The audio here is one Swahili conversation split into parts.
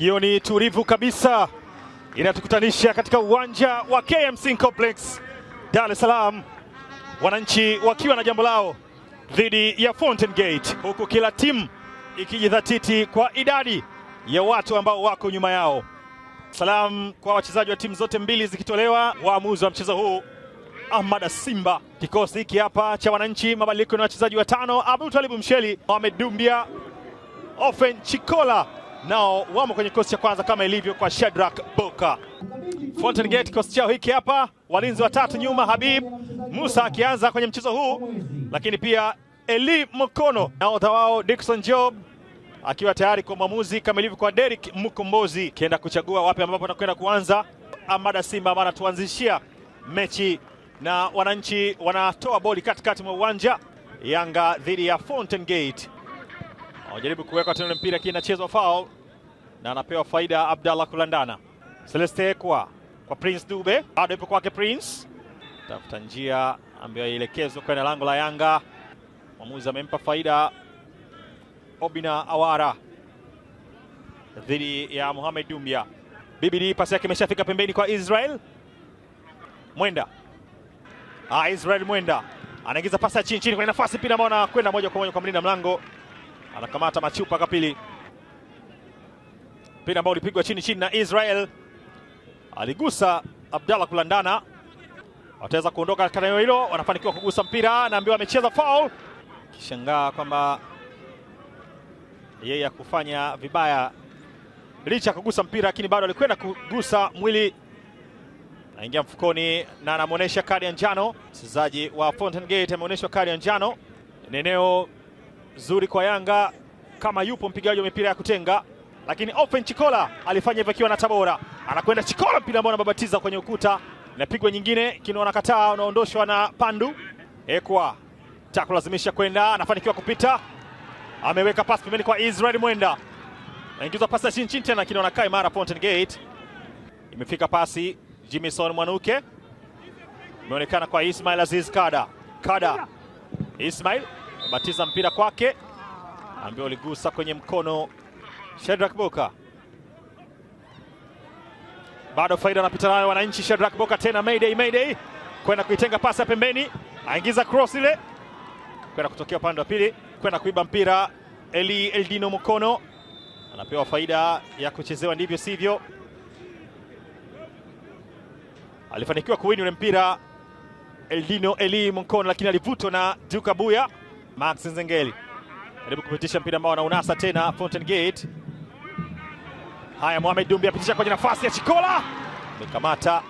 Jioni tulivu kabisa inatukutanisha katika uwanja wa KMC Complex Dar es Salaam, wananchi wakiwa na jambo lao dhidi ya Fountain Gate, huku kila timu ikijidhatiti kwa idadi ya watu ambao wako nyuma yao. Salamu kwa wachezaji wa timu zote mbili zikitolewa. Waamuzi wa mchezo huu Ahmad Simba. Kikosi hiki hapa cha wananchi, mabadiliko na wachezaji watano: Abdul Talibu Msheli, Mohamed Dumbia, Ofen Chikola nao wamo kwenye kikosi cha kwanza kama ilivyo kwa Shadrack Boka. Fountain Gate kikosi chao hiki hapa, walinzi watatu nyuma, Habib Musa akianza kwenye mchezo huu, lakini pia Eli Mkono, nahodha wao Dickson Job akiwa tayari kwa mwamuzi kama ilivyo kwa Derek Mkombozi, akienda kuchagua wapi ambapo atakwenda kuanza. Amada Simba mara tuanzishia mechi na wananchi wanatoa boli katikati mwa uwanja, Yanga dhidi ya Fountain Gate anajaribu kuweka tena mpira kile inachezwa foul na anapewa faida Abdallah Kulandana. Celeste kwa kwa Prince Dube, bado ipo kwake Prince, tafuta njia ambayo ielekezwa kwenye lango la Yanga. Mwamuzi amempa faida Obina Awara dhidi ya Mohamed Dumbia. BBD pasi yake imeshafika pembeni kwa Israel Mwenda. Ah, Israel Mwenda anaingiza pasi ya chini chini kwenye nafasi pia, naona kwenda moja kwa moja kwa mlinda mlango anakamata machupa kapili mpira ambao ulipigwa chini chini na Israel, aligusa Abdallah kulandana, wataweza kuondoka katika eneo hilo, wanafanikiwa kugusa mpira, naambiwa amecheza foul, kishangaa kwamba yeye akufanya vibaya licha kugusa mpira, lakini bado alikwenda kugusa mwili, naingia mfukoni na anamwonyesha kadi ya njano. Mchezaji wa Fountain Gate ameonyeshwa kadi ya njano, ni eneo zuri kwa Yanga kama yupo mpigaji wa mipira ya kutenga, lakini Open Chikola alifanya hivyo akiwa na Tabora. Anakwenda Chikola, mpira ambao anababatiza kwenye ukuta, inapigwa nyingine, Kino anakataa, unaondoshwa na Pandu Ekwa. Takulazimisha kwenda, anafanikiwa kupita, ameweka pasi pembeni kwa Israel Mwenda, anaingiza pasi ya chini chini tena, Kino anakaa imara. Fountain Gate imefika pasi, Jimison Mwanuke imeonekana kwa Ismail Aziz Kada, Kada Ismail Batiza mpira kwake, ambaye uligusa kwenye mkono Shedrack Boka. Bado faida anapita nayo wananchi. Shedrack Boka tena, mayday mayday, kwenda kuitenga pasi ya pembeni, aingiza cross ile kwenda kutokea upande wa pili, kwenda kuiba mpira Eli Eldino Mukono anapewa faida ya kuchezewa, ndivyo sivyo. Alifanikiwa kuwini ule mpira Eldino Eli Mukono, lakini alivutwa na Duka Buya. Max Nzengeli karibu kupitisha mpira ambao anaunasa tena Fountain Gate. Haya, Mohamed Dumbi apitisha kwenye nafasi ya Chikola, amekamata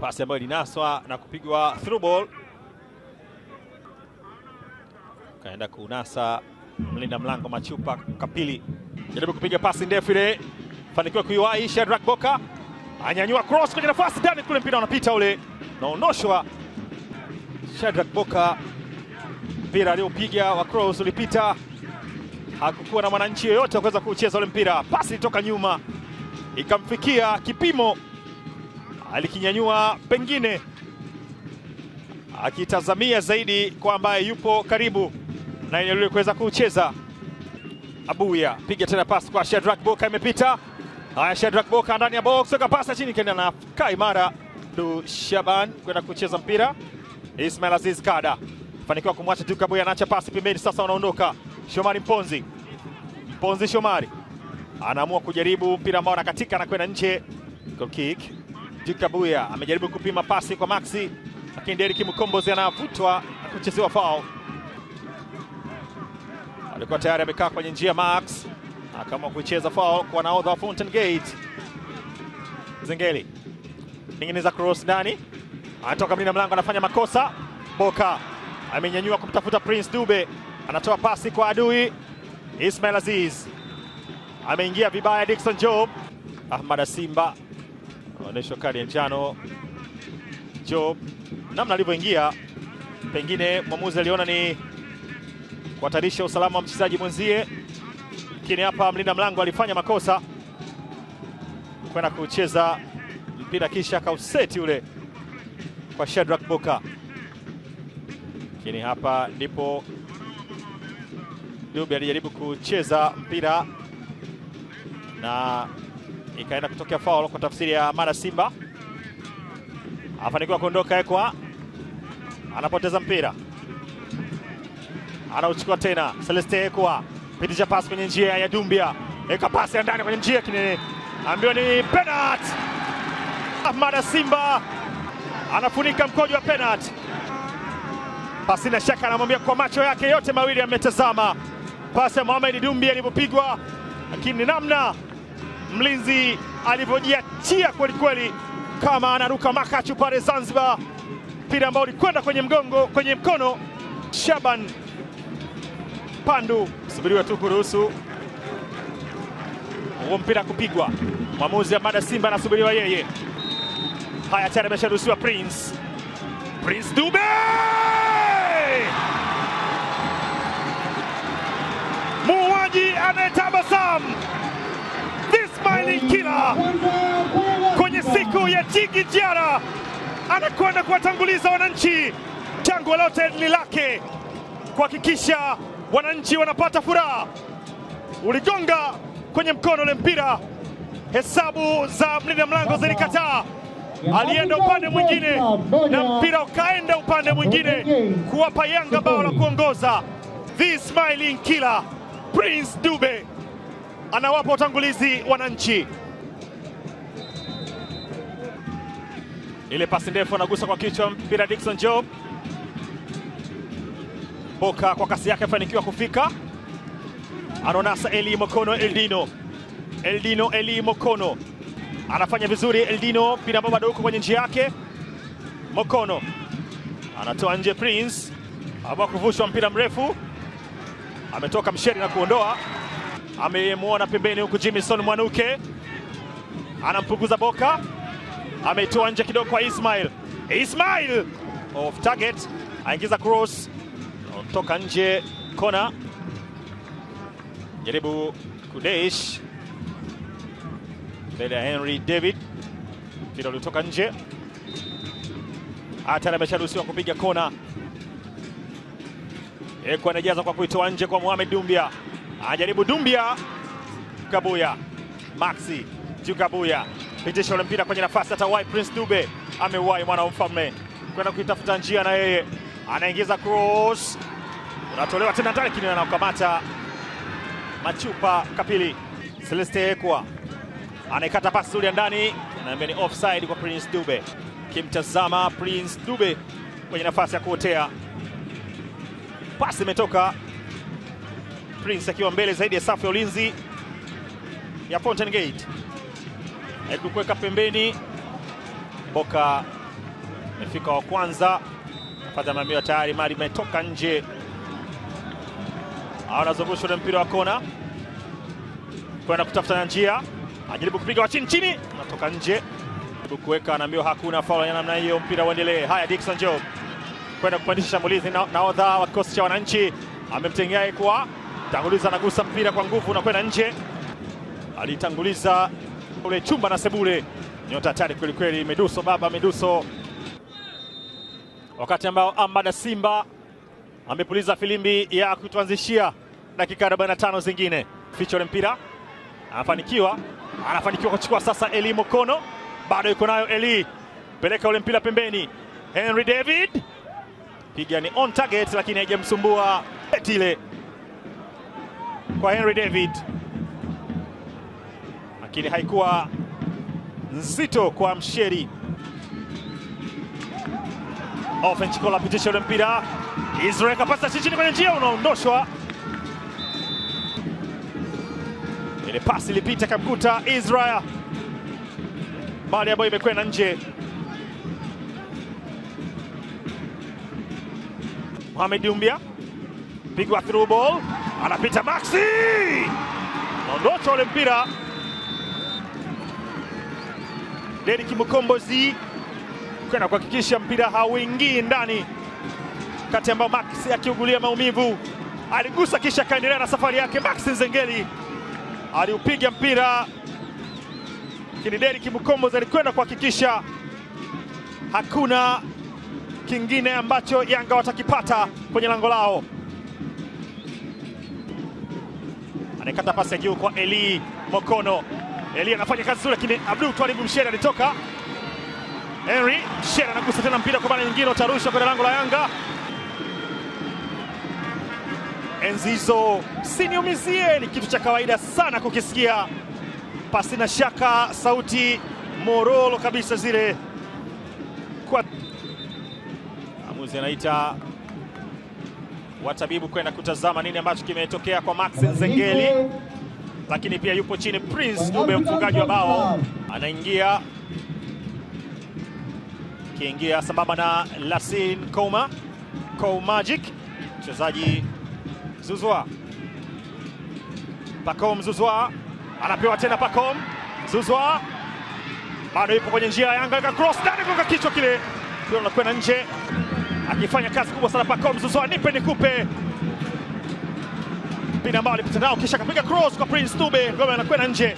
pasi ambayo ilinaswa na kupigwa through ball, kaenda kuunasa mlinda mlango Machupa Kapili, jaribu kupiga pasi ndefu ile, fanikiwa kuiwahi. Shadrack Boka anyanyua cross kwenye nafasi ndani kule, mpira unapita ule naondoshwa Shadrack Boka, mpira aliopiga wa cross ulipita, hakukuwa na mwananchi yoyote kuweza kucheza ule mpira. Pasi ilitoka nyuma ikamfikia kipimo, alikinyanyua pengine akitazamia zaidi kwa ambaye yupo karibu na eneo lile kuweza kucheza. Abuya piga tena pasi kwa Shadrack Boka, imepita. Haya, Shadrack Boka ndani ya box, weka pasi chini, kenda na kaimara imara du Shaban kwenda kucheza mpira Ismail Aziz Kada fanikiwa kumwacha Duke Abuya, anaacha pasi pembeni, sasa wanaondoka. Shomari Mponzi, Mponzi Shomari anaamua kujaribu mpira ambao anakatika na kwenda nje, goal kick. Duke Abuya amejaribu kupima pasi kwa Maxi, lakini Derrick Mkombozi anavutwa na kuchezewa foul. Alikuwa tayari amekaa kwenye njia, Max akaamua kucheza foul kwa nahodha wa Fountain Gate. Zengeli ningeneza cross ndani anatoka mlinda mlango anafanya makosa. Boka amenyanyua kumtafuta Prince Dube, anatoa pasi kwa adui. Ismail Aziz ameingia vibaya. Dickson Job Ahmad simba anaonyeshwa kadi ya njano. Job namna alivyoingia, pengine mwamuzi aliona ni kuhatarisha usalama wa mchezaji mwenzie, lakini hapa mlinda mlango alifanya makosa kwenda kucheza mpira kisha kauseti ule kwa Shadrack Boka, lakini hapa ndipo Dube alijaribu kucheza mpira na ikaenda kutokea faul kwa tafsiri ya Mara Simba. Afanikiwa kuondoka Ekwa, anapoteza mpira, anauchukua tena Celeste Ekwa, pitisha pasi kwenye njia ya Dumbia, eka pasi ya ndani kwenye njia, kinene ambiwa ni penalty. Mara Simba anafunika mkojo wa penalti. Pasi na shaka anamwambia kwa macho yake yote mawili ametazama pasi ya Mohamed Dumbi alivyopigwa, lakini namna mlinzi alivyojiachia kwelikweli, kama anaruka makachu pale Zanzibar, mpira ambao ulikwenda kwenye mgongo, kwenye mkono Shaban Pandu. Subiriwa tu kuruhusu huo mpira kupigwa, mwamuzi Amada Simba anasubiriwa yeye. Haya, tayari amesharuhusiwa Prince. Prince Dube muuaji anayetabasamu, the smiling killer kwenye siku ya jigi jara anakwenda kuwatanguliza wananchi. Jangwa lote ni lake kuhakikisha wananchi wanapata furaha. Uligonga kwenye mkono ule mpira, hesabu za mlinda mlango zilikataa alienda upande mwingine na mpira ukaenda upande mwingine kuwapa Yanga bao la kuongoza. The Smiling Killer Prince Dube anawapa utangulizi wananchi. Ile pasi ndefu anagusa kwa kichwa mpira, Dickson Job Boka kwa kasi yake afanikiwa kufika, anaonasa Eli Mokono Eldino, Eldino Eli Mokono anafanya vizuri Eldino, mpira ambao bado huko kwenye njia yake. Mokono anatoa nje, Prince ama kuvushwa mpira mrefu, ametoka msheri na kuondoa, amemwona pembeni huku Jimison Mwanuke anampunguza Boka, ametoa nje kidogo kwa Ismail. Ismail off target, aingiza cross kutoka nje kona, jaribu kudeish mbele ya Henry David, mpira uliotoka nje. Atara amesharuhusiwa kupiga kona. Eko anajaza kwa kuitoa nje kwa Mohamed Dumbia, anajaribu Dumbia, Kabuya Maxi juu, Kabuya pitisha ule mpira kwenye nafasi, atawai Prince Dube, amewai mwana wa mfalme kwenda kuitafuta njia, na yeye anaingiza cross, unatolewa tena ndani, na anaukamata Machupa Kapili Celeste Ekwa anaikata pasi zuri ya ndani, naambia ni offside kwa Prince Dube. Kimtazama Prince Dube kwenye nafasi ya kuotea, pasi imetoka Prince akiwa mbele zaidi ya safu ya ulinzi ya Fountain Gate, kuweka pembeni. Mboka amefika wa kwanza, napata maambiwa tayari, mali imetoka nje, anazungusha na mpira wa kona kwenda kutafuta njia ajaribu kupiga wa chini chini, natoka nje kuweka, anaambiwa hakuna faul ya namna hiyo, mpira uendelee. Haya, Dickson Job kwenda kupandisha shambulizi, na naodha wa kikosi cha Wananchi amemtengea kwa tanguliza, anagusa mpira kwa nguvu na kwenda nje, alitanguliza ule chumba na Sebule, nyota hatari kweli kweli, Meduso baba Meduso, wakati ambao Amada Simba amepuliza filimbi ya kutuanzishia dakika 45 zingine, fichole mpira anafanikiwa anafanikiwa kuchukua sasa Eli Mokono, bado yuko nayo Eli, peleka ule mpira pembeni. Henry David piga ni on target, lakini haijamsumbua ile kwa Henry David, lakini haikuwa nzito kwa Msheri. Ofenchikola pitisha ule mpira, Israel kapasa chini kwenye njia, unaondoshwa ile pasi ilipita kamkuta Israel, bali ambayo imekwenda nje. Mohamed Dumbia pigwa through ball, anapita Maxi, naondosha ule mpira. Derrick Mukombozi kwenda kuhakikisha mpira hauingii ndani, kati ambayo Maxi akiugulia maumivu, aligusa kisha akaendelea na safari yake. Maxi Nzengeli aliupiga mpira, lakini deri Mukombozi alikwenda kuhakikisha hakuna kingine ambacho Yanga watakipata kwenye lango lao. Anakata pasi ya juu kwa Eli Mokono. Eli anafanya kazi nzuri, lakini Abdul Twalibu Mshere alitoka. Henry Mshere anagusa tena mpira kwa mara nyingine, utarusha kwenye lango la Yanga enzi hizo siniumizie ni kitu cha kawaida sana kukisikia, pasi na shaka, sauti morolo kabisa zile. Kwa amuzi anaita watabibu kwenda kutazama nini ambacho kimetokea kwa Max Nzengeli, lakini pia yupo chini Prince Dube, mfungaji wa bao anaingia kiingia sambamba na Lasin Kouma Magic mchezaji Zuzua, Pacom, Zuzua anapewa tena Pacom, zuzwa bado ipo kwenye njia ya Yanga, weka cross ndani kwa kichwa kile, pia anakwenda nje, akifanya kazi kubwa sana Pacom, Zuzua nipe nikupe mpira ambao alipita nao kisha akapiga cross kwa Prince Dube, Ngoma anakwenda nje,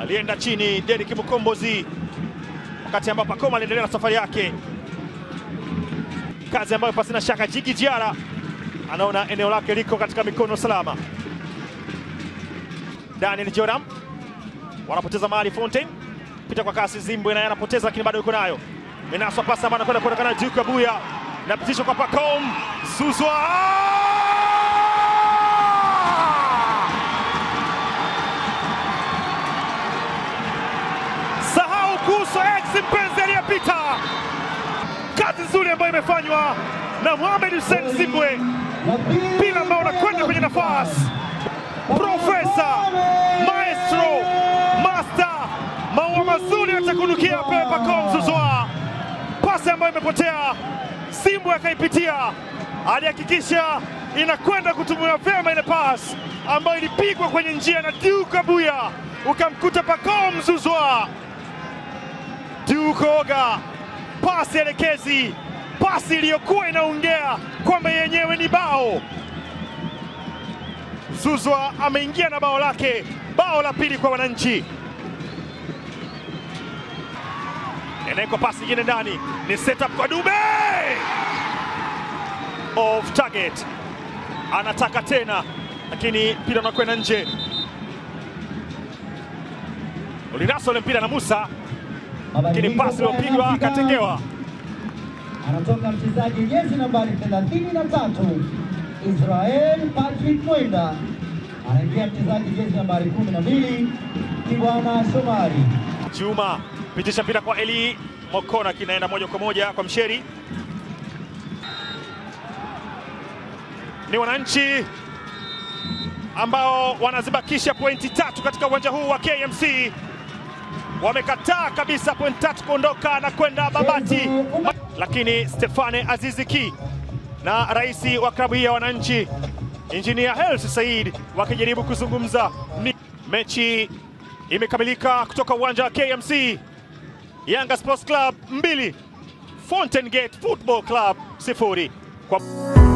alienda chini Derrick Mukombozi, wakati ambapo Pacom aliendelea na safari yake, kazi ambayo pasina shaka Jigi jara anaona eneo lake liko katika mikono salama. Daniel Joram wanapoteza mahali Fontaine, pita kwa kasi Zimbwe naye anapoteza, lakini bado yuko nayo. Menaswa pasa ambayo anakwenda kuonekana juu Abuya, napitishwa kwa Pacom Zuzwa sahau ex mpenzi aliyepita. Kazi nzuri ambayo imefanywa na Mohamed Hussein Zimbwe mpira ambao unakwenda kwenye nafasi. Profesa Maestro Master, maua mazuri yatakunukia Pepa Konzuzwa. Pasi ambayo imepotea, Simbu akaipitia, alihakikisha inakwenda kutumiwa vyema ile pasi ambayo ilipigwa kwenye njia na Duke Abuya, ukamkuta Pacome Zouzoua. Duke Oga, pasi elekezi, pasi iliyokuwa inaongea kombe yenyewe ni bao. Zuzwa ameingia na bao lake, bao la pili kwa wananchi. Eneko pasi ingine ndani, ni up kwa Dube, off target, anataka tena lakini mpira unakwenda nje. Ulinaso ule mpira na Musa, lakini pasi iliyopigwa akatengewa anatoka mchezaji jezi nambari 33 Israel Patrick Mwenda, anaingia mchezaji jezi nambari 12 Kibwana Shomari. Chuma pitisha mpira kwa Eli Mokona, kinaenda moja kwa moja kwa Msheri. Ni wananchi ambao wanazibakisha pointi tatu katika uwanja huu wa KMC wamekataa kabisa pointi tatu kuondoka na kwenda Babati lakini Stefane Aziziki na rais wa klabu hii ya wananchi Engineer hels Said wakijaribu kuzungumza. Mechi imekamilika kutoka uwanja wa KMC. Yanga Sports Club 2 Fountain Gate Football Club sifuri kwa